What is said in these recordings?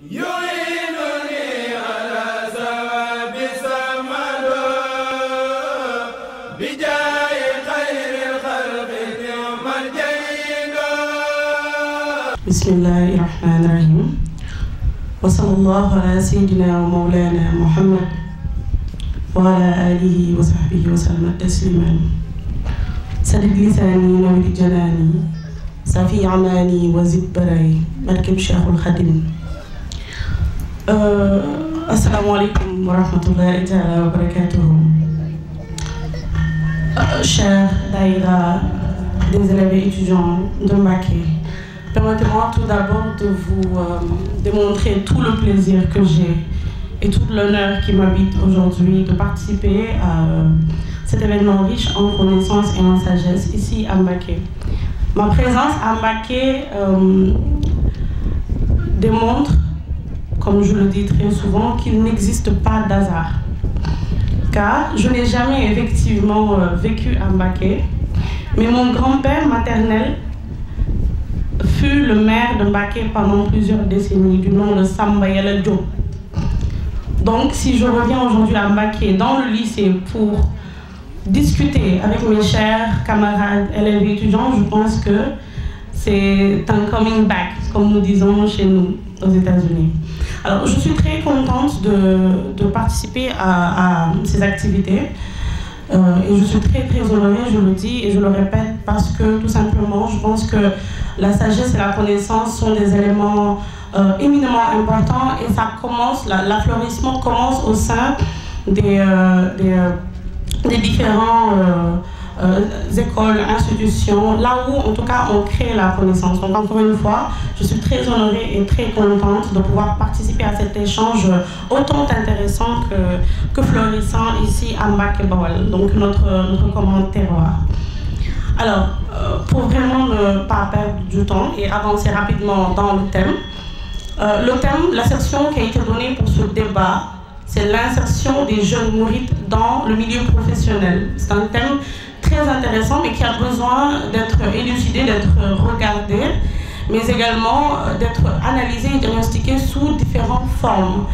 bismillahi rahmaani rahim wa sallallahu ala sayyidina wa mawlana muhammad wa ala alihi wa sahbihi wa sallama tasliman sadid lisaani nawir janaani safi amaani wa zid baraay barkeb cheikhul xadim Euh, asalaamaaleykum wa rahmatullahi taala wa barakatuhu euh, chère daïra des élèves et étudiants de Mbacké permettez-moi tout d'abord de vous euh, démontrer tout le plaisir que j'ai et tout l'honneur qui m'habite aujourd'hui de participer à euh, cet événement riche en connaissances et en sagesse ici à Mbacké ma présence à Mbacké euh, démontre comme je le dis très souvent, qu'il n'existe pas d'hasard. Car je n'ai jamais effectivement euh, vécu à mais mon grand-père maternel fut le maire de pendant plusieurs décennies, du nom de Sambayele Diop. Donc, si je reviens aujourd'hui à dans le lycée pour discuter avec mes chers camarades élèves et étudiants, je pense que c'est un coming back. comme nous disons chez nous, aux États-Unis. je suis très contente de, participer à, à, activités. Euh, et je suis très, très je le dis et je le répète, parce que tout simplement, je pense que la sagesse et la connaissance sont des éléments euh, importants et ça commence, l'affleurissement au sein des euh, différents Euh, écoles, institutions, là où en tout cas on crée la connaissance. Donc encore une fois, je suis très honorée et très contente de pouvoir participer à cet échange autant intéressant que, florissant ici à Mbakebawal, donc notre, notre commande euh, pour vraiment ne pas perdre du temps et avancer dans le thème, euh, le qui a été donnée pour ce débat, c'est l'insertion des jeunes mourites dans le milieu professionnel. C'est un thème très intéressant, mais qui a besoin d'être élucidé, d'être regardé, mais également euh, d'être analysé et diagnostiqué sous différentes formes.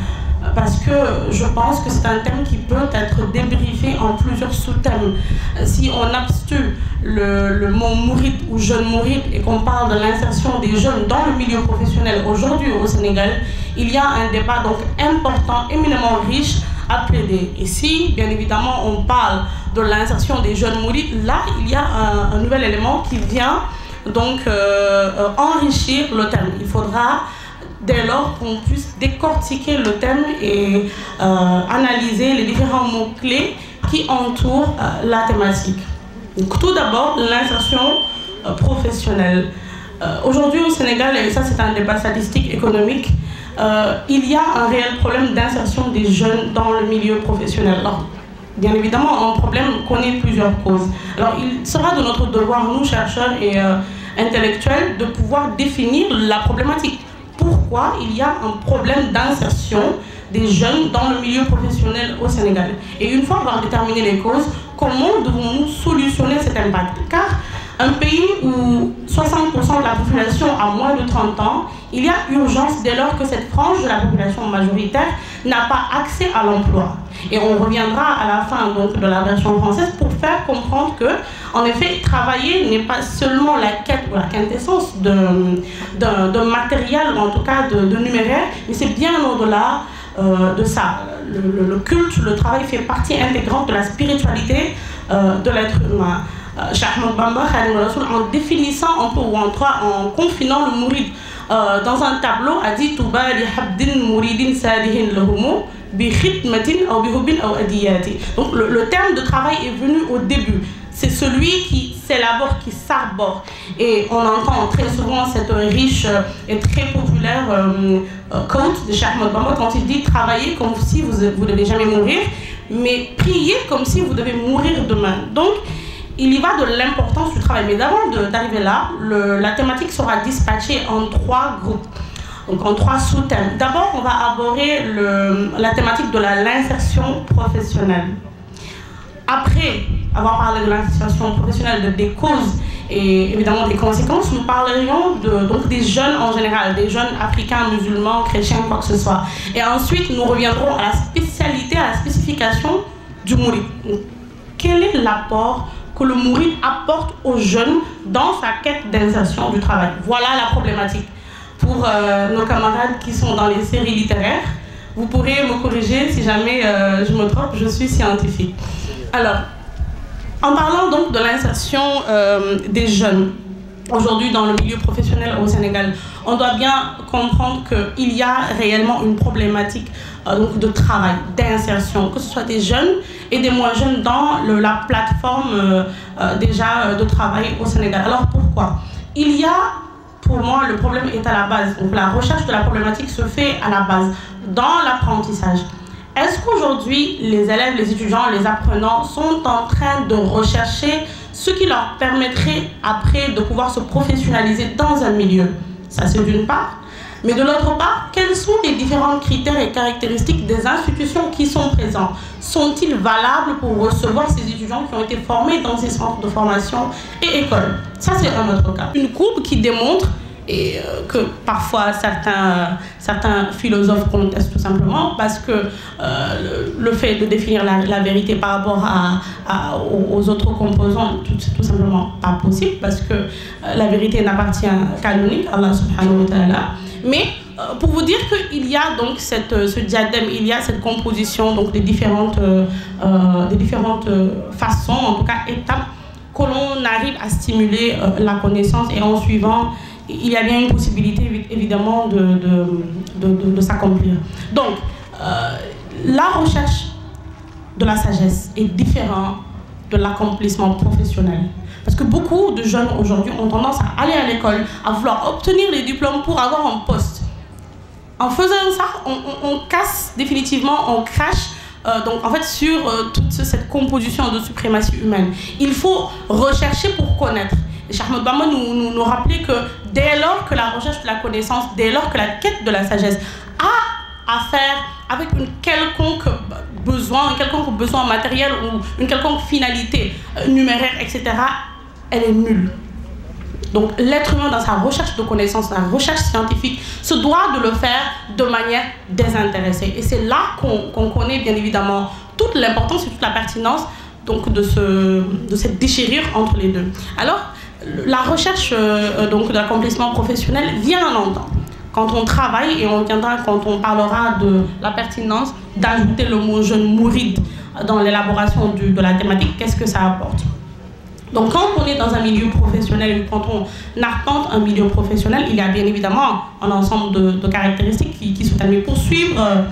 Euh, parce que je pense que c'est un thème qui peut être débriefé en plusieurs sous-thèmes. Euh, si on abstue le, le mot mourir ou jeune mourir et qu'on parle de l'insertion des jeunes dans le milieu professionnel aujourd'hui au Sénégal, il y a un débat donc important, éminemment riche à plaider. Et si, bien évidemment, on parle de l'insertion des jeunes mourides, là, il y a un, un nouvel élément qui vient donc euh, euh, enrichir le thème. Il faudra dès lors qu'on puisse décortiquer le thème et euh, analyser les différents mots-clés qui entourent euh, la thématique. Donc, tout d'abord, l'insertion euh, professionnelle. Euh, aujourd'hui au Sénégal, et ça c'est un débat statistique économique, il y a un réel problème d'insertion des jeunes dans le milieu professionnel. Alors, Bien évidemment, un problème connaît plusieurs causes. Alors, il sera de notre devoir, nous, chercheurs et euh, intellectuels, de pouvoir définir la problématique. Pourquoi il y a un problème d'insertion des jeunes dans le milieu professionnel au Sénégal Et une fois avoir déterminé les causes, comment devons-nous solutionner cet impact Car Un pays où 60% de la population a moins de 30 ans, il y a urgence dès lors que cette frange de la population majoritaire n'a pas accès à l'emploi. Et on reviendra à la fin donc, de la version française pour faire comprendre que, en effet, travailler n'est pas seulement la quête ou la quintessence d'un matériel, ou en tout cas de, de numéraire, mais c'est bien au-delà euh, de ça. Le, le, le, culte, le travail fait partie intégrante de la spiritualité euh, de l'être humain. Euh, Cheikh Ahmadou Bamba Khadimou Rassoul en définissant un peu ou trois en confinant le mouride euh, dans un tableau a dit Touba li habdin mouridin sadihin lahumu bi khidmatin aw bi hubbin aw adiyati le, terme de travail est venu au début c'est celui qui s'élabore, qui s'arbore. Et on entend euh, travailler comme si vous devez jamais mourir, mais prier comme si vous devez mourir demain. Il y va de l'importance du travail. Mais avant d'arriver là, le, la thématique sera dispatchée en trois groupes, donc en trois sous-thèmes. D'abord, on va aborder le, la thématique de l'insertion professionnelle. Après avoir parlé de l'insertion professionnelle, des causes et évidemment des conséquences, nous parlerions de, donc des jeunes en général, des jeunes africains, musulmans, chrétiens, quoi que ce soit. Et ensuite, nous reviendrons à la spécialité, à la spécification du mourir. Quel est l'apport que le Mouride apporte aux jeunes dans sa quête d'insertion du travail. Voilà la problématique. Pour euh, nos camarades qui sont dans les séries littéraires, vous pourrez me corriger si jamais euh, je me trompe, je suis scientifique. Alors, en parlant donc de l'insertion euh, des jeunes, aujourd'hui dans le milieu professionnel au Sénégal, on doit bien comprendre qu'il y a réellement une problématique Euh, de travail, d'insertion, que ce soit des jeunes et des moins jeunes dans la plateforme euh, euh, déjà de travail au Sénégal. Alors pourquoi Il y a pour moi, le problème est à la base. Donc, la recherche de la problématique se fait à la base, dans l'apprentissage. Est-ce qu'aujourd'hui, les élèves, les étudiants, les apprenants sont en train de rechercher ce qui leur permettrait après de pouvoir se professionnaliser dans un milieu Ça, c'est d'une part. Mais de l'autre part, quels sont les différents critères et caractéristiques des institutions qui sont présentes Sont-ils valables pour recevoir ces étudiants qui ont été formés dans ces centres de formation et écoles Ça, c'est un autre cas. Une courbe qui démontre et euh, que parfois certains, certains philosophes contestent tout simplement parce que euh, le, le, fait de définir la, la vérité par rapport à, à, aux autres composants, c'est tout, tout simplement pas possible parce que euh, la vérité n'appartient qu'à l'unique, Allah subhanahu wa ta'ala. Mais euh, pour vous dire qu'il y a donc cette, euh, ce diadème, il y a cette composition donc des différentes, euh, euh des différentes euh, façons, en tout cas étapes, que l'on arrive à stimuler la connaissance et en suivant, il y a bien une possibilité évidemment de, de, de, de s'accomplir. Donc, la recherche de la sagesse est différente de l'accomplissement professionnel. Parce que beaucoup de jeunes aujourd'hui ont tendance à aller à l'école, à vouloir obtenir les diplômes pour avoir un poste. En faisant ça, on, on, on casse définitivement, on crache euh, donc en fait sur euh, toute cette composition de suprématie humaine. Il faut rechercher pour connaître. Et Charmot Bama nous, nous, nous rappelait que dès lors que la recherche de la connaissance, dès lors que la quête de la sagesse a à faire avec une quelconque besoin, un quelconque besoin matériel ou une quelconque finalité euh, numéraire, etc., elle est nulle. Donc l'être humain dans sa recherche de connaissances, sa recherche scientifique, se doit de le faire de manière désintéressée. Et c'est là qu'on qu connaît bien évidemment toute l'importance et toute la pertinence donc, de, ce, de cette déchirure entre les deux. Alors, la recherche euh, euh donc, de l'accomplissement professionnel vient en entend. Quand on travaille, et on viendra quand on parlera de la pertinence d'ajouter le mot jeune mouride dans l'élaboration de la thématique, qu'est-ce que ça apporte Donc quand on est dans un milieu professionnel, quand on arpente un milieu professionnel, il y a bien évidemment un ensemble de, de caractéristiques qui, qui sont à pour suivre euh,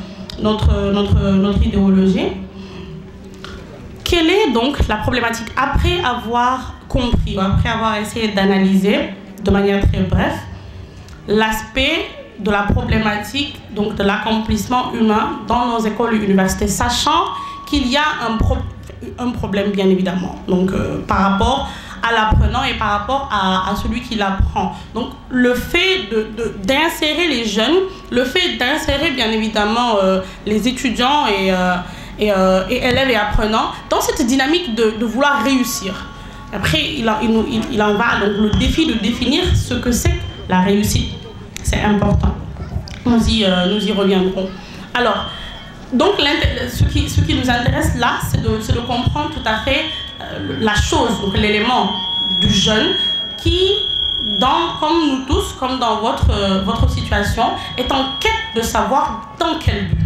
notre, notre, notre idéologie. Quelle est donc la problématique après avoir compris, après avoir essayé d'analyser de manière très brève l'aspect de la problématique donc de l'accomplissement humain dans nos écoles et universités, sachant qu'il y a un problème un problème, bien évidemment. Donc, euh, par rapport à l'apprenant et par rapport à, à celui qui l'apprend. Donc, le fait d'insérer de, de, les jeunes, le fait d'insérer, bien évidemment, euh, les étudiants et, euh, et, euh, et, élèves et apprenants dans cette dynamique de, de vouloir réussir. Après, il, a, il, il, il en va donc le défi de définir ce que c'est la réussite. C'est important. Nous y, euh, nous y reviendrons. Alors, donc ce qui, ce qui nous intéresse là, c'est de, de, comprendre tout à fait euh, la chose, donc l'élément du jeune qui, dans, comme nous tous, comme dans votre, euh, votre situation, est en quête de savoir dans quel but.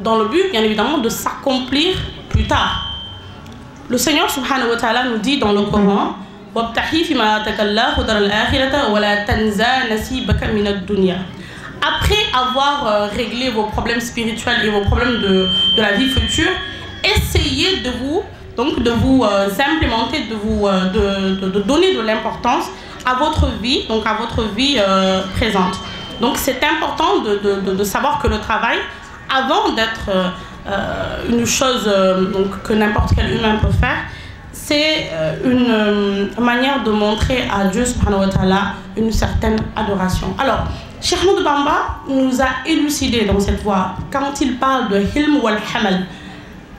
Dans le but, bien évidemment, de s'accomplir plus tard. Le Seigneur subhanahu wa ta'ala nous dit dans le Coran mm -hmm. après avoir euh, réglé vos problèmes spirituels et vos problèmes de, de la vie future, essayez de vous, donc de vous euh, implémenter, de vous euh, de, de, de, donner de l'importance à votre vie, donc à votre vie euh, présente. Donc c'est important de, savoir que le travail, avant d'être euh, euh, une chose donc, que n'importe quel humain peut faire, c'est une manière de montrer à Dieu subhanahu wa ta'ala une certaine adoration. Alors, Cheikh Ahmadou Bamba nous a élucidé dans cette voie quand il parle de Hilm wal Hamal,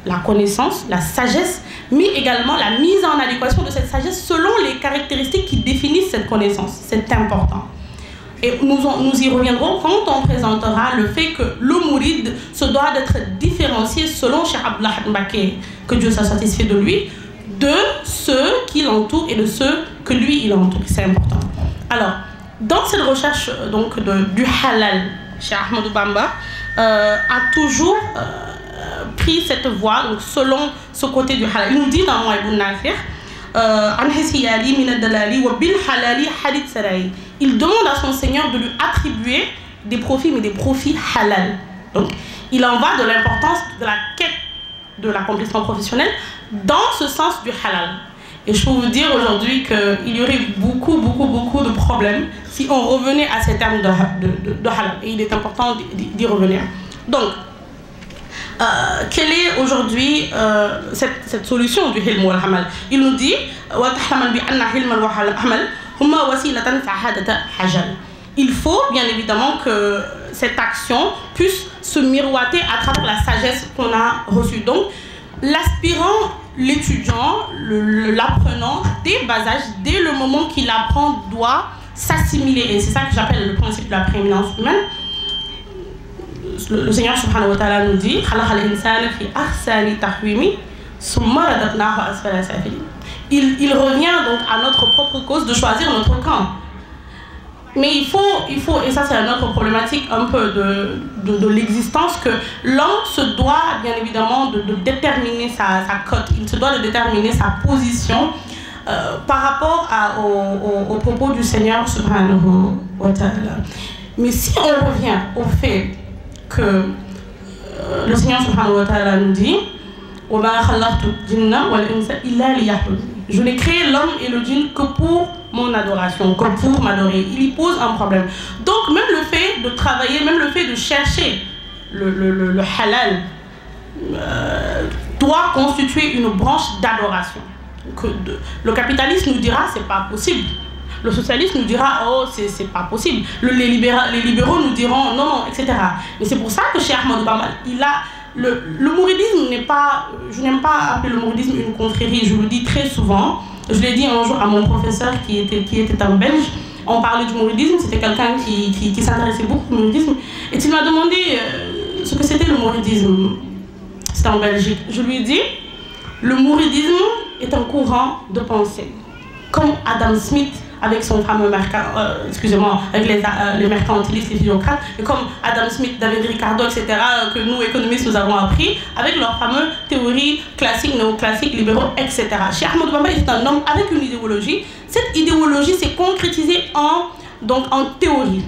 la connaissance, la sagesse, mais également la mise en adéquation de cette sagesse selon les caractéristiques qui définissent cette connaissance. C'est important. Et nous, on, nous y reviendrons quand on présentera le fait que le mouride se doit d'être différencié selon Cheikh Abdullah Mbaké, que Dieu soit satisfait de lui, de ceux qui l'entourent et de ceux que lui il entoure. C'est important. Alors, dans cette recherche euh, donc de, du halal chez Ahmadou Bamba euh, a toujours euh, pris cette voie donc selon ce côté du halal il nous dit dans Mouaïbou Nafir euh, il demande à son Seigneur de lui attribuer des profits, mais des profits halal. il en de l'importance de la quête de l'accomplissement professionnel dans ce sens du halal. Et je peux vous dire aujourd'hui qu'il y aurait beaucoup, beaucoup, beaucoup de problèmes si on revenait à ces termes de, de, de, de halal. Et il est important d'y revenir. Donc, euh, quelle est aujourd'hui euh, cette, cette, solution du hilm wal hamal Il nous dit il faut bien évidemment que cette action puisse se miroiter à travers la sagesse qu'on a reçue. Donc, l'aspirant l'étudiant, l'apprenant, dès bas âge, dès le moment qu'il apprend, doit s'assimiler. Et c'est ça que j'appelle le principe de la prééminence humaine. Le, le Seigneur subhanahu wa ta'ala nous dit il, il revient donc à notre propre cause de choisir notre camp. Mais il faut, il faut, et ça c'est la autre problématique un peu de, de, de l'existence, que l'homme se doit bien évidemment de, de déterminer sa, sa, cote, il se doit de déterminer sa position euh, par rapport à, aux au, au propos du Seigneur subhanahu wa ta'ala. Mais si on revient au fait que euh, le Seigneur subhanahu wa ta'ala nous dit « Wa ma khalaqtu jinna wal insa illa liya'budun » Je n'ai créé l'homme et le djinn que pour mon adoration, que pour m'adorer. Il y pose un problème. Donc même le fait de travailler, même le fait de chercher le, le, le, le halal euh, doit constituer une branche d'adoration. Le capitaliste nous dira c'est pas possible. Le socialiste nous dira oh c'est pas possible. Le, les, libéraux, les libéraux nous diront non non etc. Mais c'est pour ça que Cheikh Ahmadou Bamba il a le, le mouridisme n'est pas, je n'aime pas appeler le mouridisme une confrérie, je le dis très souvent. Je l'ai dit un jour à mon professeur qui était, qui était un belge, on parlait du mouridisme, c'était quelqu'un qui, qui, qui s'intéressait beaucoup au mouridisme, et il m'a demandé euh, ce que c'était le mouridisme. C'était en Belgique. Je lui ai dit, le mouridisme est un courant de pensée, comme Adam Smith avec son fameux mercat, euh, excusez-moi, avec les, euh, les mercantilistes et physiocrates, et comme Adam Smith, David Ricardo, etc., euh, que nous, économistes, nous avons appris, avec leur fameuse théorie classique, néoclassique, libéraux, etc. Cheikh Ahmed Bamba est un homme avec une idéologie. Cette idéologie s'est concrétisée en, théorie.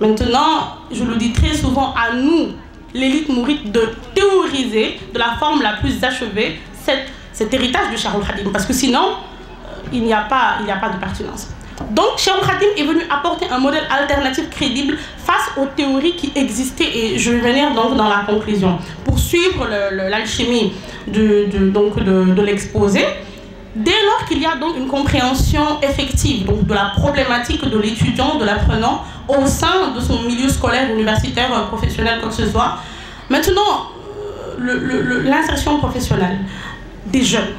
Maintenant, je le dis très souvent à nous, l'élite mourite, de théoriser de la forme la plus achevée cette, cet héritage de Charles Khadim, parce que sinon, euh, il n'y a, pas, a pas de pertinence. Donc, Cheikh Khadim est venu apporter un modèle alternatif crédible face aux théories qui existaient et je vais venir dans la conclusion. Pour suivre l'alchimie de, de, donc de, de l'exposé, dès lors qu'il y a donc une compréhension effective de la problématique de l'étudiant, de l'apprenant au sein de son milieu scolaire, universitaire, euh, professionnel, quoi ce soit, maintenant, euh, l'insertion professionnelle des jeunes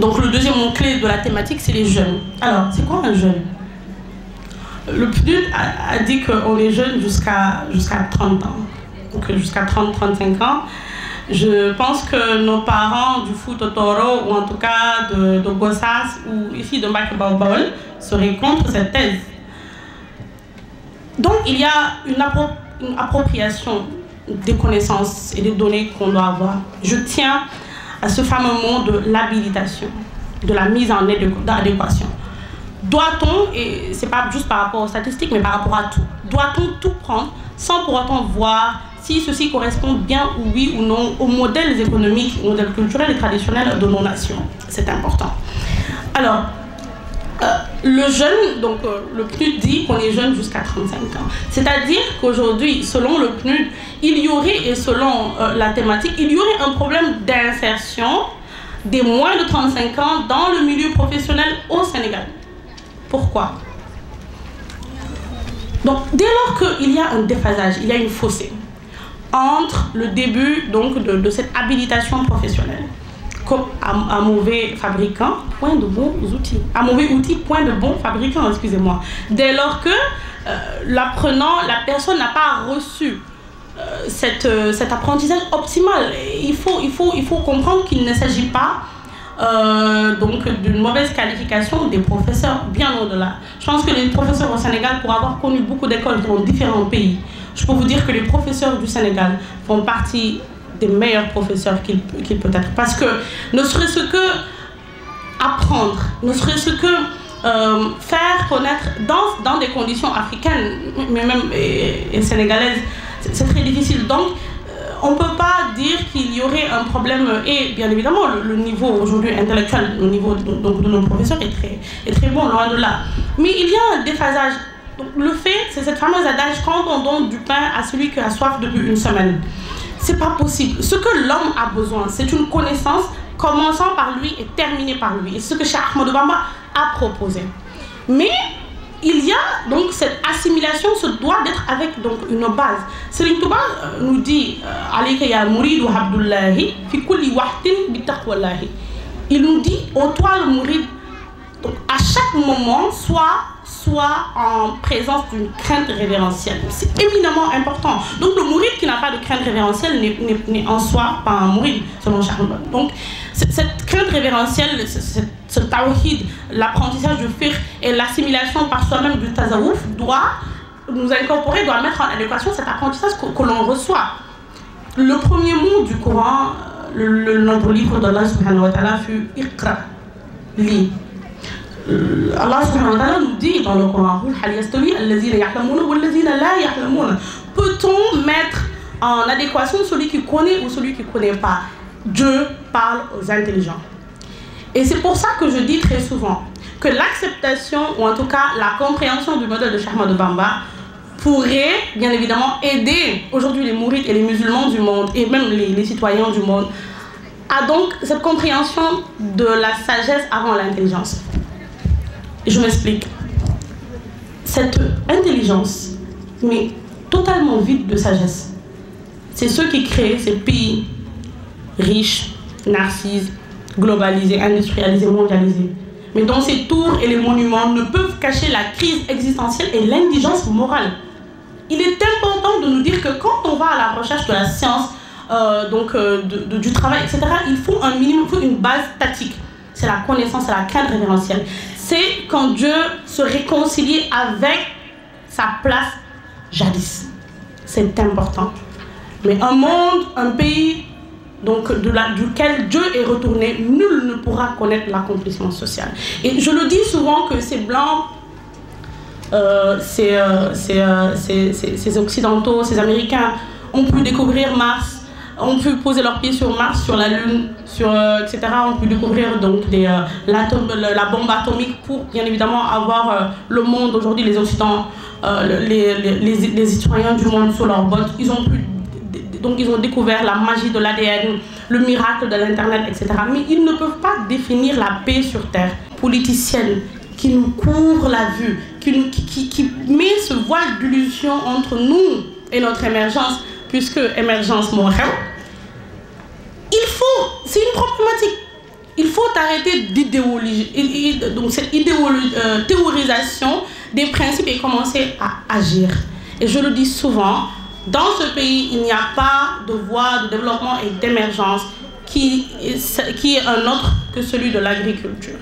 Donc le deuxième mot-clé de la thématique, c'est les jeunes. Alors, ah. c'est quoi un jeune Le PNUD a, dit qu'on est jeune jusqu'à jusqu'à 30 ans. Donc jusqu'à 30-35 ans. Je pense que nos parents du foot ou en tout cas de, Gossas, ou ici de Mbaké-Baobol, seraient contre cette thèse. il y a une, appropriation des connaissances et des données qu'on doit avoir. Je tiens à ce fameux mot de l'habilitation, de la mise en adéquation. Doit-on, et c'est pas juste par rapport aux statistiques, mais par rapport à tout, doit-on tout prendre sans pour autant voir si ceci correspond bien ou oui ou non aux modèles économiques, aux modèles culturels et traditionnels de nos nations C'est important. Alors, Euh, le jeune, donc euh, le PNUD dit qu'on est jeune jusqu'à 35 ans. C'est-à-dire qu'aujourd'hui, selon le PNUD, il y aurait, et selon euh, la thématique, il y aurait un problème d'insertion des moins de 35 ans dans le milieu professionnel au Sénégal. Pourquoi Donc, dès lors qu'il y a une fossé entre le début donc, de, de cette habilitation professionnelle un, mauvais fabricant, point de bons outils. Un mauvais outil, point de bons fabricants, excusez-moi. Dès lors que euh, l'apprenant, la personne n'a pas reçu euh, cette, euh, cet apprentissage optimal. Il faut, il faut, il faut comprendre qu'il ne s'agit pas euh, donc d'une mauvaise qualification des professeurs, bien au-delà. Je pense que les professeurs au Sénégal, pour avoir connu beaucoup d'écoles dans différents pays, je peux vous dire que les professeurs du Sénégal font partie des meilleurs professeurs qu'il qu peut être. Parce que ne serait-ce que apprendre, ne serait-ce que euh, faire connaître dans, dans des conditions africaines, mais même et, et sénégalaises, c'est très difficile. Donc, euh, on ne peut pas dire qu'il y aurait un problème. Et bien évidemment, le, le niveau aujourd'hui intellectuel, le niveau de, donc de nos professeurs est très, est très bon, loin de là. Mais il y a un déphasage. Donc, le fait, c'est cette fameuse adage quand on donne du pain à celui qui a soif depuis une semaine. C'est pas possible. Ce que l'homme a besoin, c'est une connaissance commençant par lui et terminée par lui. Et ce que Cheikh Ahmadou Bamba a proposé. Mais il y a donc cette assimilation se doit d'être avec donc une base. Serigne Touba euh, nous dit euh, alayka ya muridu abdullahi fi kulli wahtin bi taqwallahi. Il nous dit ô toi le mourid donc à chaque moment soit soit en présence d'une crainte révérentielle. C'est éminemment important. Donc le mouride qui n'a pas de crainte révérentielle n'est en soi pas un mouride, selon Charles Donc cette crainte révérentielle, ce tawhid, l'apprentissage du fiqh et l'assimilation par soi-même du tazawouf doit nous incorporer, doit mettre en adéquation cet apprentissage que, que l'on reçoit. Le premier mot du Coran, euh, le, le nombre livre d'Allah subhanahu wa ta'ala fut Iqra, lit. Euh, Allah subhanahu wa ta'ala nous dit dans le Coran Peut-on mettre en adéquation celui qui connaît ou celui qui ne connaît pas Dieu parle aux intelligents. Et c'est pour ça que je dis très souvent que l'acceptation, ou en tout cas la compréhension du modèle de Sharma de Bamba, pourrait bien évidemment aider aujourd'hui les mourites et les musulmans du monde, et même les, les citoyens du monde, à donc cette compréhension de la sagesse avant l'intelligence. Je m'explique. Cette intelligence, mais totalement vide de sagesse, c'est ce qui crée ces pays riches, narcises, globalisés, industrialisés, mondialisés. Mais dont ces tours et les monuments ne peuvent cacher la crise existentielle et l'indigence morale. Il est important de nous dire que quand on va à la recherche de la science, euh, donc euh, de, de, du travail, etc., il faut un minimum, il faut une base statique. C'est la connaissance, c'est la cadre révérentielle. c'est quand Dieu se réconcilie avec sa place jadis. C'est important. Mais un monde, un pays donc de la, duquel Dieu est retourné, nul ne pourra connaître l'accomplissement social. Et je le dis souvent que ces blancs, euh, ces, euh, ces, euh, ces, ces occidentaux, ces américains ont pu découvrir Mars, ont pu poser leurs pieds sur Mars, sur la Lune, sur, euh, etc., ont pu découvrir donc des, euh, la bombe atomique pour bien évidemment avoir euh, le monde aujourd'hui, les Occidents, euh, les, les, les, les, citoyens du monde sur leurs bottes. Ils ont pu donc ils ont découvert la magie de l'ADN, le miracle de l'Internet, etc. Mais ils ne peuvent pas définir la paix sur Terre. Politicienne qui nous couvre la vue, qui, qui, qui met ce voile d'illusion entre nous et notre émergence, puisque émergence moo xew il faut c'est une problématique il faut arrêter d'idéologie donc cette idéologie euh, théorisation des principes et commencer à agir et je le dis souvent dans ce pays il n'y a pas de voie de développement et d'émergence qui qui est un autre que celui de l'agriculture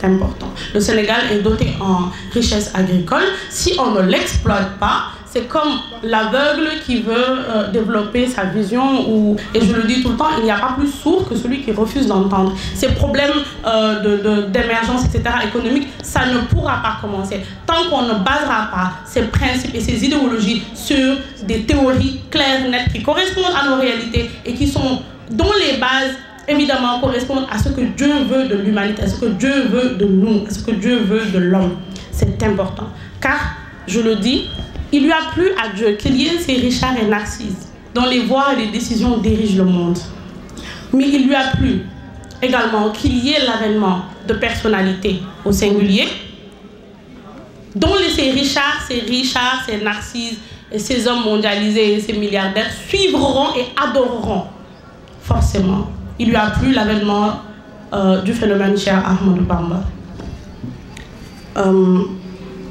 c'est important le Sénégal est doté en richesse agricole si on ne l'exploite pas c'est comme l'aveugle qui veut euh, développer sa vision, ou, et je le dis tout le temps, il n'y a pas plus sourd que celui qui refuse d'entendre. Ces problèmes euh, d'émergence, de, de, etc., économique, ça ne pourra pas commencer tant qu'on ne basera pas ces principes et ces idéologies sur des théories claires, nettes, qui correspondent à nos réalités et qui sont, dont les bases évidemment correspondent à ce que Dieu veut de l'humanité, à ce que Dieu veut de nous, à ce que Dieu veut de l'homme. C'est important. Car, je le dis, Il lui a plu à Dieu qu'il y ait ces Richard et Narcisse dont les voies et les décisions dirigent le monde. Mais il lui a plu également qu'il y ait l'avènement de personnalités au singulier, dont les, ces Richard, ces Richard, ces Narcisse, et ces hommes mondialisés et ces milliardaires suivront et adoreront, forcément. Il lui a plu l'avènement euh, du phénomène cher Ahmadou Bamba. Euh,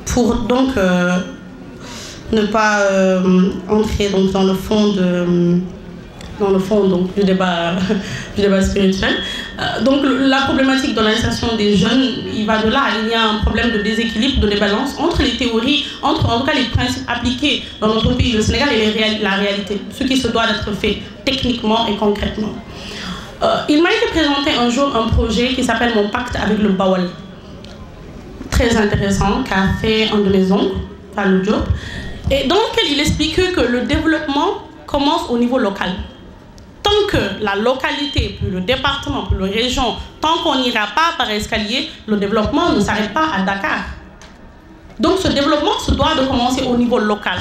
pour donc euh, ne pas euh, entrer donc, dans le fond de dans le fond donc, du, débat, du débat spirituel. Euh, donc la problématique de l'insertion des jeunes, il va de là. Il y a un problème de déséquilibre, de débalance entre les théories, entre en tout cas les principes appliqués dans notre pays, le Sénégal, et les, la réalité, ce qui se doit d'être fait techniquement et concrètement. Euh, il m'a été présenté un jour un projet qui s'appelle Mon pacte avec le Bawal. Très intéressant, qu'a fait un de mes oncles, par le job. et dans lequel il expliquait que le développement commence au niveau local. Tant que la localité, puis le département, puis la région, tant qu'on n'ira pas par escalier, le développement ne s'arrête pas à Dakar. Donc ce développement se doit de commencer au niveau local,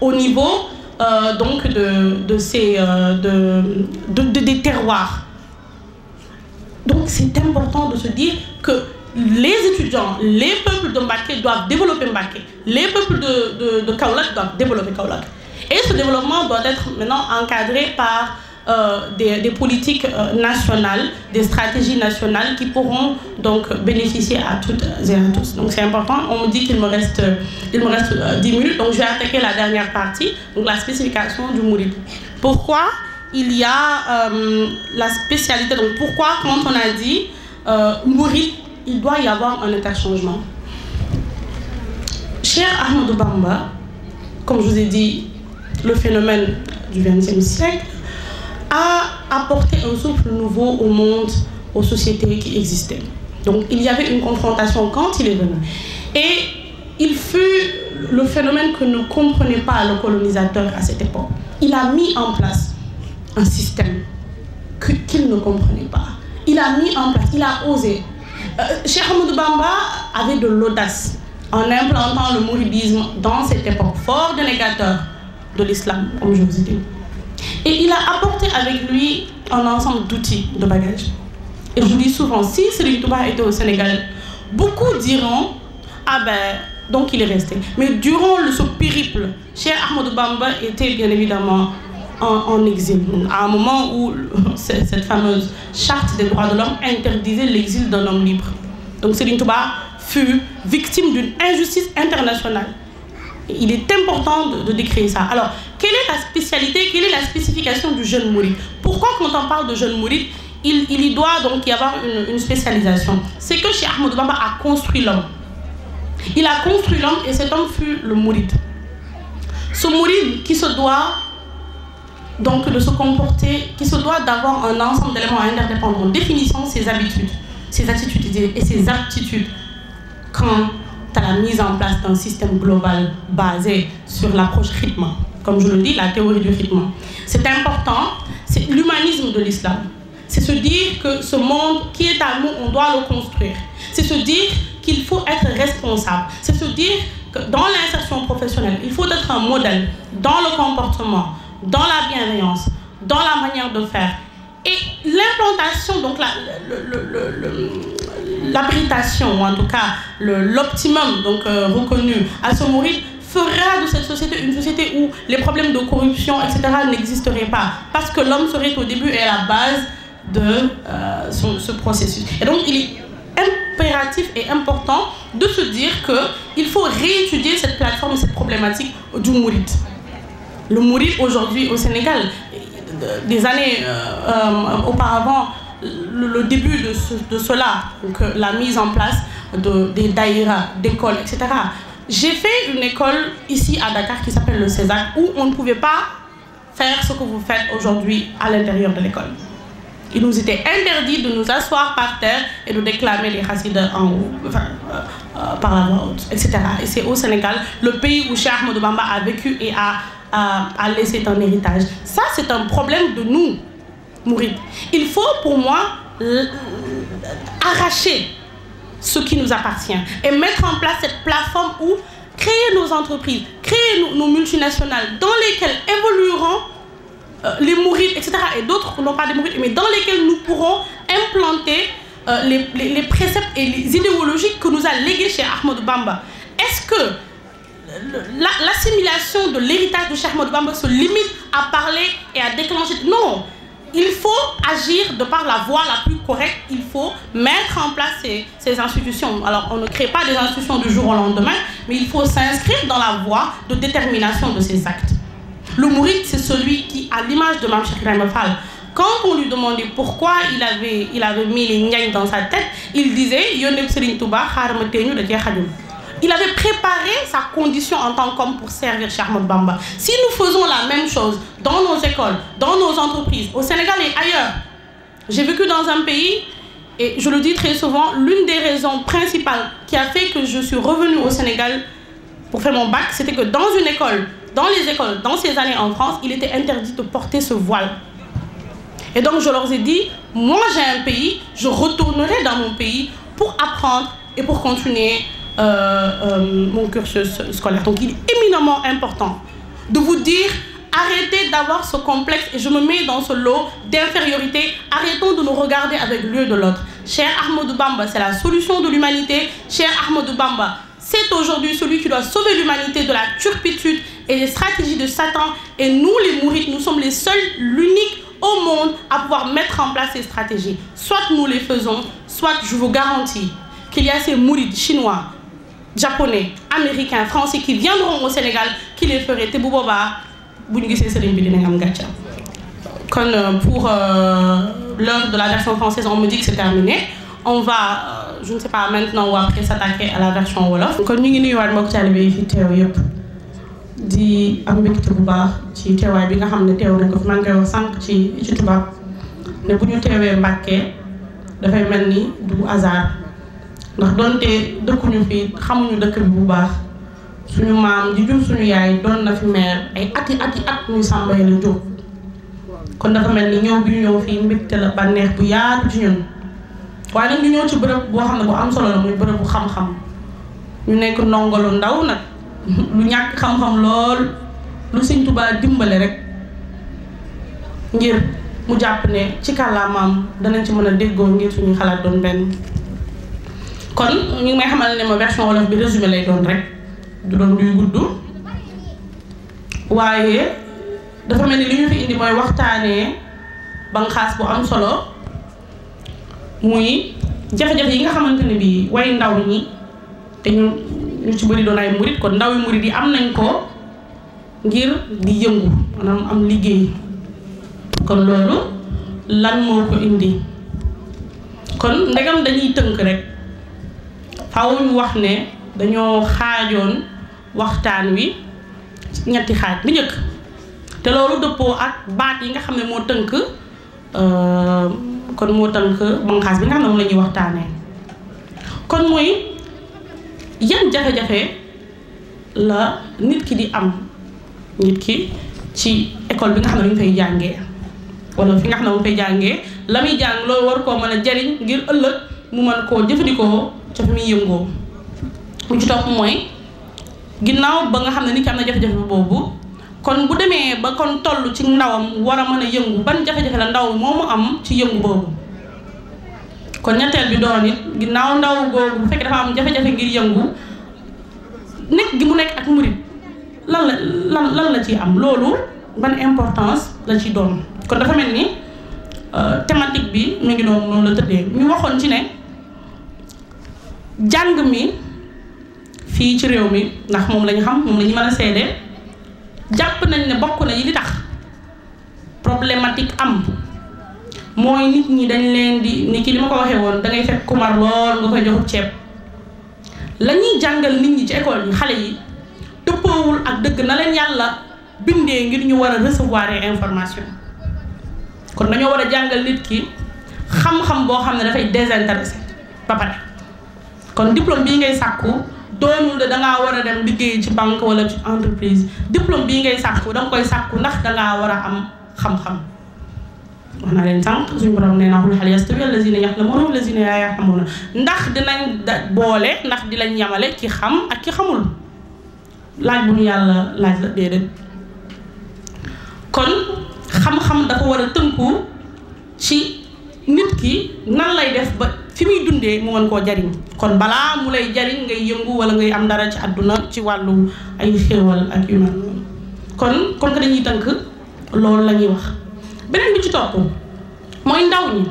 au niveau euh, donc de, de ces, euh, de, de, des terroirs. Donc c'est important de se dire que les étudiants, les peuples de Mbaké doivent développer Mbaké. Les peuples de, de, de Kaulak doivent développer Kaulak. Et ce développement doit être maintenant encadré par euh, des, des, politiques euh, nationales, des stratégies nationales qui pourront bénéficier à toutes et à tous. c'est important. On me dit qu'il me reste, il euh, minutes, donc je vais attaquer la dernière partie, donc la spécification du mourid. il doit y avoir un interchangement. Cher Ahmadou Bamba, comme je vous dit, le phénomène du XXe siècle a apporté un souffle nouveau au monde, aux sociétés qui existaient. Donc il y avait une confrontation quand il est venu. Et il fut le phénomène que ne comprenait pas le colonisateur à cette époque. Il a mis en place un système qu'il ne comprenait pas. Il a mis en place, il a osé Cheikh Amadou Bamba avait de l'audace en implantant le mouridisme dans cette époque, fort dénégateur de l'islam, comme je vous ai dit. Et il a apporté avec lui un ensemble d'outils, de bagages. Et je dis souvent, si Serigne Touba était au Sénégal, beaucoup diront Ah ben, donc il est resté. Mais durant ce périple, Cheikh Ahmadou Bamba était bien évidemment en, en exil, à un moment où cette fameuse charte des droits de l'homme interdisait l'exil d'un homme libre. Donc Serigne Touba fut victime d'une injustice internationale. Il est important de, de, décrire ça. Alors, quelle est la spécialité, quelle est la spécification du jeune mouride Pourquoi quand on parle de jeune mouride, il, il, y doit donc y avoir une, une spécialisation C'est que Cheikh Ahmadou Bamba a construit l'homme. Il a construit l'homme et cet homme fut le mouride. Ce mouride qui se doit donc de se comporter, qui se doit d'avoir un ensemble d'éléments interdépendants, définissant ses habitudes, ses attitudes et ses aptitudes quant à la mise en place d'un système global basé sur l'approche rythme, comme je le dis, la théorie du rythme. C'est important, l'humanisme de l'islam. C'est se dire que ce monde qui est à nous, on doit le construire. C'est se dire qu'il faut être responsable. C'est se dire que dans l'insertion professionnelle, dans la bienveillance, dans la manière de faire. Et l'implantation, donc la, l'abritation, ou en tout cas l'optimum donc euh, reconnu à ce mourir, fera de cette société une société où les problèmes de corruption, etc. n'existeraient pas. Parce que l'homme serait au début et à la base de euh, son, ce processus. Et donc il est impératif et important de se dire qu'il faut réétudier cette plateforme, cette problématique du mourit. Le mourir aujourd'hui au Sénégal, des années euh, euh, auparavant, le, le, début de, ce, de cela, donc euh, la mise en place de, des daïras, d'écoles, etc. J'ai fait une école ici à Dakar qui s'appelle le César, où on ne pouvait pas faire ce que vous faites aujourd'hui à l'intérieur de l'école. Il nous était interdit de nous asseoir par terre et de déclamer les racides en haut, enfin, euh, euh, par la voix haute, etc. Et c'est au Sénégal, le pays où Cheikh de Bamba a vécu et a à, euh, à laisser un héritage. Ça, c'est un problème de nous, Mourid. Il faut, pour moi, euh, arracher ce qui nous appartient et mettre en place cette plateforme où créer nos entreprises, créer nos, nos multinationales dans lesquelles évolueront euh, les mourides, etc. et d'autres, non pas des mourides, mais dans lesquelles nous pourrons implanter euh, les, les, les, préceptes et les idéologies que nous a légués chez Ahmed Bamba. Est-ce que l'assimilation de l'héritage du Cheikh Modou Bamba se limite à parler et à déclencher. Non, il faut agir de par la voie la plus correcte, il faut mettre en place ces, ces, institutions. Alors, on ne crée pas des institutions du jour au lendemain, mais il faut s'inscrire dans la voie de détermination de ces actes. Le mouride, c'est celui qui, à l'image de Mme Fall, quand on lui demandait pourquoi il avait, mis les gnagnes dans sa tête, il disait « Yoneb Touba, de il avait préparé sa condition en tant qu'homme pour servir Cheikh Ahmadou Bamba si nous faisons la même chose dans nos écoles dans nos entreprises au Sénégal et ailleurs j'ai vécu dans un pays et je le dis très souvent l'une des raisons principales qui a fait que je suis revenue au Sénégal pour faire mon bac c'était que dans une école dans les écoles dans ces années en France il était interdit de porter ce voile et donc je leur ai dit moi j'ai un pays je retournerai dans mon pays pour apprendre et pour continuer Euh, euh, mon cursus scolaire. Donc il est éminemment important de vous dire arrêtez d'avoir ce complexe et je me mets dans ce lot d'infériorité. Arrêtons de nous regarder avec l'œil de l'autre. Cher Ahmadou Bamba, c'est la solution de l'humanité. Cher Ahmadou Bamba, c'est aujourd'hui celui qui doit sauver l'humanité de la turpitude et des stratégies de Satan. Et nous, les mourites, nous sommes les seuls, l'unique au monde à pouvoir mettre en place ces stratégies. Soit nous les faisons, soit je vous garantis qu'il y a ces mourites chinois, japonais américains français qui viendront au Sénégal qui les ferait te bu boobaa bu ñu gisee sëriñ bi dinañ am gàcca kon euh, pour euh, l'heure de la version française on me dit que c'est terminé on va euh, je ne sais pas maintenant ou après s'attaquer à la version wolof. kon ñu ngi nuyuwaat mbokk taalibe yi fi teew yëpp di am mbégte bu baax ci teewaay bi nga xam ne teew nañ ko nga maa ngi sànq ci ci tubaab ne bu ñu teewee Mbàkke dafay mel ni du hasard. ndax donte dëkkuñu fi xamuñu dëkk bi bu baax suñu maam di jur suñu yaay doon na fi meer ay ati ati at muy Samba la jóg kon dafa mel ni ñëw bi ñu ñëw fii mbégte la bànneex bu yaatu ci ñun waaye nag ñu ñëw ci bërëb boo xam ne bu am solo la muy bërëb bu xam-xam ñu nekk ndongo lu ndaw nag lu ñàkk xam-xam lool lu Sëñ Tuubaa dimbale rek ngir mu jàpp ne ci kàllaamaam dana ci mën a déggoo ngir suñu xalaat doon benn kon ñu ngi may xamal ne ma version wolof bi résumé lay doon rek du doon luy gudd waaye dafa mel ni li ñu fi indi mooy waxtaanee banqaas bu am solo muy jafe-jafe yi nga xamante ne bii way ndaw ñi te ñu ñu ci bëri doon ay murit kon ndaw yu murit yi am nañ ko ngir di yëngu maanaam am liggéey kon loolu lan moo ko indi kon ndegam dañuy tënk rek. fawuñ wax ne dañoo xaajoon waxtaan wi ñetti xaaj bu njëkk te loolu dëppoo ak baat yi nga xam ne moo tënk euh, kon moo tënk banqaas bi nga xam ne moom la ñuy waxtaanee kon mooy yan jafe-jafe la nit ki di am nit ki ci ecole bi nga xam ne dañu fay jàngee wala fi nga xam ne moom fay jàngee la muy jàng loolu war koo mën a jariñ ngir ëllëg mu mën koo jëfandikoo ca fi muy yëngoo bu ci topp mooy ginnaaw ba nga xam ne nit ki am na jafe-jafe boobu kon bu demee ba kon toll ci ndawam war a mën a yëngu ban jafe-jafe la ndaw moomu am ci yëngu boobu kon ñetteel bi doon it ginnaaw ndaw googu bu fekkee dafa am jafe-jafe ngir yëngu nekk gi mu nekk ak murit lan la lan lan la ci am loolu ban importance la ci doon kon dafa mel ni euh, thématique bi mu ngi noonu noonu tëddee ñu waxoon ci ne jàng mi fii ci réew mi ndax moom lañu xam moom la ñu mën a seede jàpp nañ ne bokk na yi li tax problématique am mooy nit ñi dañ leen di ni ki li ma ko waxee woon dangay fekk kumar lool nga koy joxub ceeb lañuy jàngal nit ñi ci école yi xale yi dëppoowul ak dëgg na leen yàlla bindee ngir ñu war a recevoir information kon dañoo war a jàngal nit ki xam-xam boo xam ne dafay désintéressé ba pare kon diplôme bii ngay sàkku doonul da dangaa war a dem liggéey ci banque wala ci entreprise diplôme bii ngay sàkku danga koy sàkku ndax dangaa war a am xam-xam wax naa leen sànq suñu borom nee naa xul xal yastawi allazina yaxlamuuna allazina laa yaxlamuuna ndax dinañ da boole ndax di lañ yamale ki xam ak ki xamul laaj bu ñu yàlla laaj la déedéet kon xam-xam dafa war a tënku ci nit ki nan lay def fi muy dundee mu mën koo jariñ kon balaa mu lay jariñ ngay yëngu wala ngay am dara ci àdduna ci wàllu ay xéewal ak yu mel noonu kon kon dañuy tënk loolu la ñuy wax beneen bi ci topp mooy ndaw ñi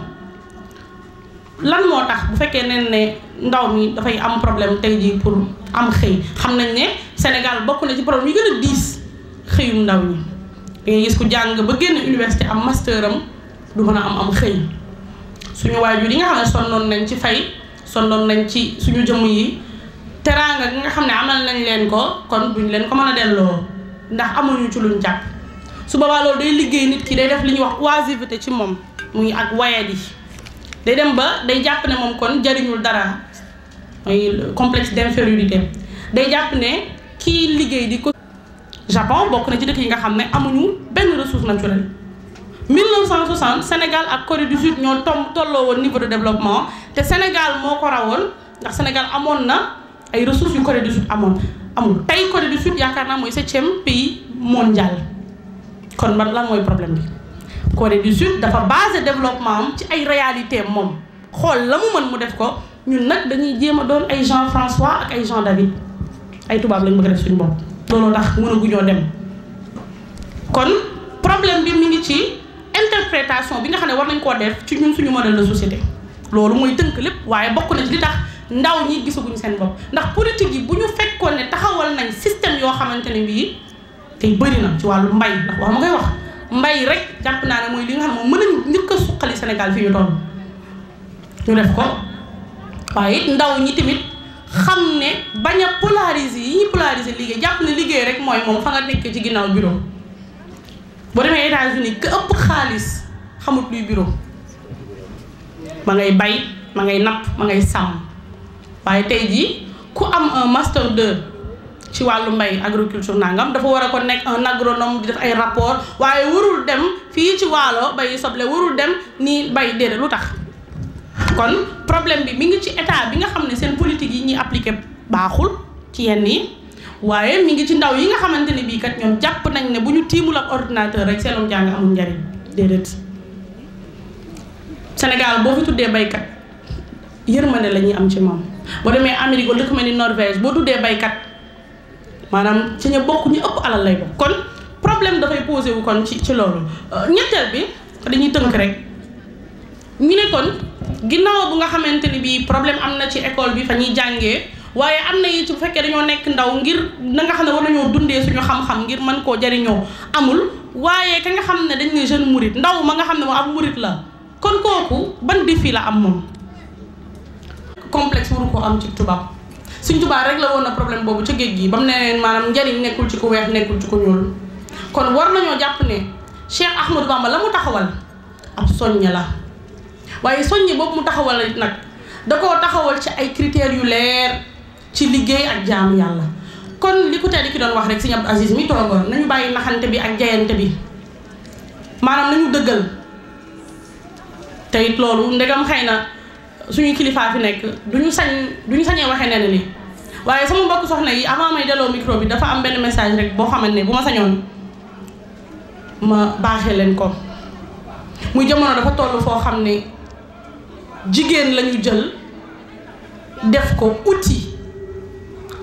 lan moo tax bu fekkee nen ne ndaw mi dafay am problème tey jii pour am xëy xam nañ ne Sénégal bokk na ci problème yi gën a ndaw ñi da ngay gis ku ba génn université am masteur am du mën a am am xëy suñu waajur yi nga xam ne sonnoon nañ ci fay sonnoon nañ ci suñu jëmm yi teraanga gi nga xam ne amal nañ leen ko kon duñ leen ko a delloo ndax amuñu ci luñ jàpp su boobaa loolu day liggéey nit ki day def li ñuy wax oisiveté ci moom muy ak wayadi day dem ba day jàpp ne moom kon jariñul dara muy complexe d'infériorité day jàpp ne kii liggéey di ko bokk na ci dëkk yi nga xam ne amuñu benn ressource naturelle 1960 Sénégal ak Corée du Sud ñoo tom tolloo woon niveau de développement te Sénégal moo ko rawoon ndax Sénégal amoon na ay ressources yu Corée du Sud amoon amul tey Corée du Sud yaakaar naa mooy septième pays mondial kon man lan mooy problème bi Corée du Sud dafa basé développement ci ay réalité moom xool la mu mën mu def ko ñun nag dañuy jéem a doon ay Jean François ak ay Jean David ay tubaab lañ bëgg a def suñu bopp looloo tax mënaguñoo dem kon problème bi mi ngi ci interprétation bi nga xam ne war nañ koo def ci ñun suñu modèle de société loolu mooy dënk lépp waaye bokk na ci li tax ndaw ñi gisaguñ seen bopp ndax politique yi bu ñu fekkoon ne taxawal nañ système yoo xamante ne bii tey bëri na ci wàllu mbay ndax wax ma koy wax mbay rek jàpp naa ne mooy li nga xam ne moom mën nañ njëkk a suqali Sénégal fi ñu toll ñu def ko waaye it ndaw ñi tamit xam ne bañ a polariser yi ñuy polariser liggéey jàpp ne liggéey rek mooy moom fa nga nekk ci ginnaaw bureau boo demee États-Unis ka ëpp xaalis xamut luy bureau ma ngay bay ma ngay napp ma ngay sàmm waaye tey jii ku am un master 2 ci wàllu mbay agriculture nangam dafa war a ko nekk un agronome di def ay rapport waaye warul dem fii ci waalo bay soble warul dem nii bay déedéet lu tax kon problème bi mi ngi ci état bi nga xam ne seen politique yi ñuy appliqué baaxul ci yenn yi waaye mu ngi ci ndaw yi nga xamante ni bii kat ñoom jàpp nañ ne bu ñu tiimul ak ordinateur rek seenum jàng amul njariñ déedéet Sénégal boo fi tuddee baykat yërmande la ñuy am ci moom boo demee Amérique wala dëkk ni Norvège boo tuddee baykat maanaam ci ñu bokk ñu ëpp alal lay bokk kon problème dafay posé wu kon ci ci loolu euh, ñetteel bi dañuy tënk rek ñu ne kon ginnaaw bu nga xamante ni bii problème am na ci école bi fa ñuy jànge waaye am na yi ci bu fekkee dañoo nekk ndaw ngir na nga xam ne war nañoo dundee suñu xam-xam ngir man koo jariñoo amul waaye ka nga xam ne dañ ne jeune murit ndaw ma nga xam ne moo ab murit la kon kooku ban défi la am moom complexe waru ko am ci tubaab suñ tubaab rek la woon na problème boobu ca géej gi ba mu ne leen maanaam njariñ nekkul ci ko weex nekkul ci ko ñuul kon war nañoo jàpp ne Cheikh Ahmadou Bamba la mu taxawal ab soññe la waaye soññe boobu mu taxawal nag da koo taxawal ci ay critères yu leer ci liggéey ak jaamu yàlla kon li ku tedd ki doon wax rek si Abdou Aziz mi toogoon nañu bàyyi naxante bi ak jayante bi maanaam nañu dëggal te loolu ndegam xëy na suñu kilifaa fi nekk duñu sañ duñu sañee waxe nee na li waaye sama mbokk soxna yi avant may delloo micro bi dafa am benn message rek boo xamante ne bu ma sañoon ma baaxee leen ko muy jamono dafa toll foo xam ne jigéen lañu jël def ko outil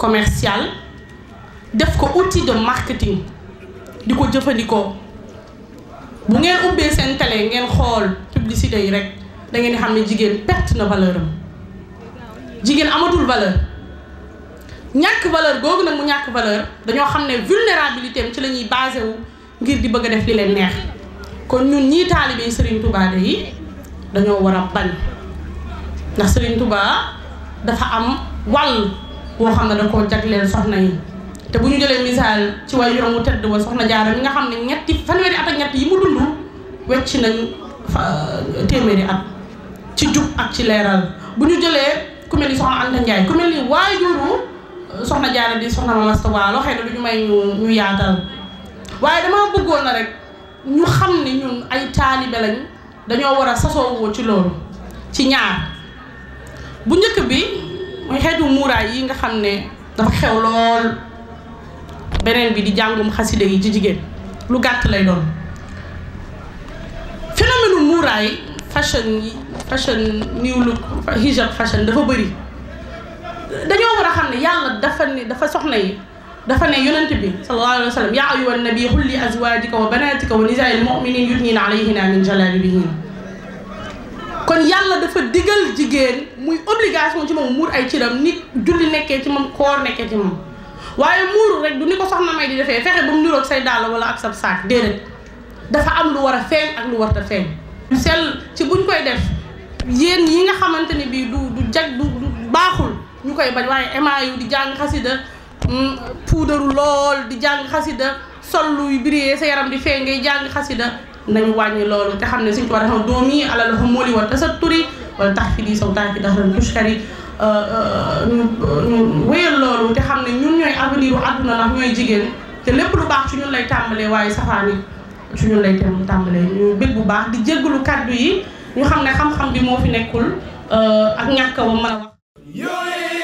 commercial def ko outil de marketing di ko jëfandikoo bu ngeen ubbee seen télé ngeen xool publicité yi rek da ngeen di xam ne jigéen perte na valeur jigéen amatul valeur ñàkk valeur googu nag mu ñàkk valeur dañoo xam ne vulnérabilité ci la ñuy basé ngir di bëgg a def li leen neex kon ñun ñi taalibe Serigne Touba yi dañoo war a bañ ndax Serigne Touba dafa am wal boo xam ne da koo jagleel soxna yi te bu ñu jëlee misaal ci way yorom wu tedd ba jaara mi nga xam ne ñetti fanweeri at ak ñett yi mu dund wecc nañ euh, téeméeri at ci jub ak ci leeral bu ñu jëlee ku mel ni soxna Anta Ndiaye ku mel ni euh, soxna jaara di soxna Mama Asta Walo xëy na du ñu may ñu yaatal waaye dama bëggoon na rek ñu xam ne ñun ay taalibe lañ dañoo war a sasoowoo ci loolu ci ñaar bu njëkk bi muy xeetu muuraay yi nga xam ne dafa xew lool beneen bi di jàngum xaside yi ci jigéen lu gàtt lay doon phénomène muuraay fashion yi fashion new look hijab fashion dafa bëri dañoo war a xam ne yàlla dafa ne dafa soxna yi dafa ne yonent bi sallallahu alayhi wa sallam yaa ayyuhan nabi xulli wa banatika wa nisaa'il mu'minin yudnina min jalabibihinna kon yàlla dafa digal jigéen muy obligation ci moom muur ay ciram nit julli nekkee ci moom koor nekkee ci moom waaye muuru rek du ni ko soxna may di defee fexe ba mu niroog say dàll wala ak sa saak déedéet dafa am lu war a feeñ ak lu warta feeñ sel ci buñ koy def yéen yi nga xamante ni bii du du jag du baaxul ñu koy bañ waaye emaayu di jàng xasida mm, puudaru lool di jàng xasida sol luy biree sa yaram di feeñ ngay jàng xasida nañu wàññi loolu te xam ne suñ ko waxee doomi alal la fa mooli wa tasatturi wala tax fi di tax fi daxal tushkar yi ñu ñu wéyal loolu te xam ne ñun ñooy avenir u àdduna ndax ñooy jigéen te lépp lu baax ci ñun lay tàmbalee waaye safaan yi ci ñun lay tàmbalee ñu bëgg bu baax di jéggalu kàddu yi ñu xam ne xam-xam bi moo fi nekkul euh, ak ñàkk a mën a wax.